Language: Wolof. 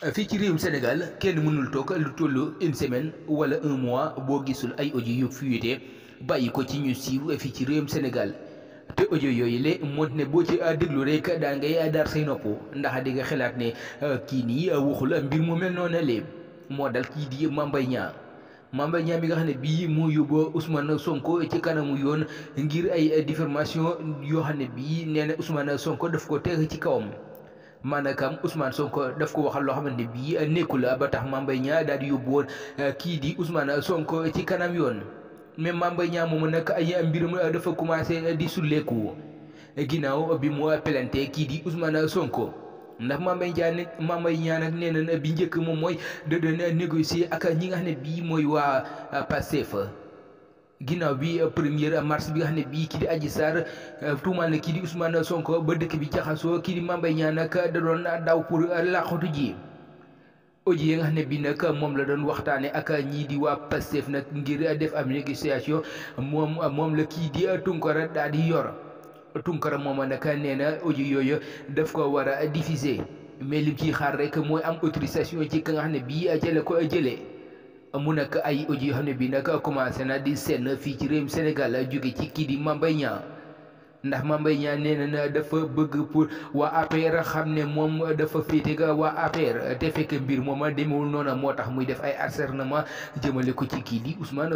fii ci réewum Sénégal kenn mënul toog lu toll une semaine wala un mois boo gisul ay ojo yu fuité bàyyi ko ci ñu siiw fii ci réewum Sénégal te ojo yooyu le moo ne boo ci déglu rek daa ngay daar say nopp ndax di nga xalaat ne euh, kii nii euh, waxul mbir mu mel noonu le moo dal kii di Mame Mbaye Niang Mame bi nga xam ne bii moo yóbbu Ousmane Sonko ci kanamu yoon ngir ay diffamation yoo xam ne bii nee na Ousmane Sonko daf ko teg ci kawam. maanaam Ousmane Sonko daf ko waxal loo xamante ne bii nekkul ba tax Mame Mbaye Niang daal di yóbbu woon eh, kii di Ousmane Sonko ci kanam yoon mais Mame Mbaye Niang moomu nag ay mbirum eh, dafa commencé eh, di sulleeku ginnaaw bi mu pelante kii di Ousmane Sonko. ndax Mame Mbaye Niang Mame Mbaye Niang nag nee na bi njëkk moom mooy da doon ak ñi nga xam ne bii mooy waa Pastef ginnaaw bi euh, premier mars bi nga xam ne bii kii di aj Sarr euh, tuumaal na kii di Ousmane Sonko ba dëkk bi jaxasoo kii di Mame Mbaye Niang nag da doon daw pour euh, làqatu ji audio yi nga xam ne bii nag moom la doon waxtaane ak ñii di waa Pastef nag ngir def am négociation moom moom la kii di Tunkara daal di yor Tunkara moom nag nee na audio yooyu daf ko war a diffuser mais lim ciy xaar rek mooy am autorisation ci ka nga xam ne bii jële ko jëlee mu nekk ay audio yoo xam ne bi nag commencé na di seen fii ci réewum Sénégal jóge ci kii di Mame Mbaye ndax Mame Mbaye Niang nee na dafa bëgg pour waa APR xam ne moom dafa féete ga waa APR te fekk mbir mooma demewul noona moo tax muy def ay acharnement jëmale ko ci kii di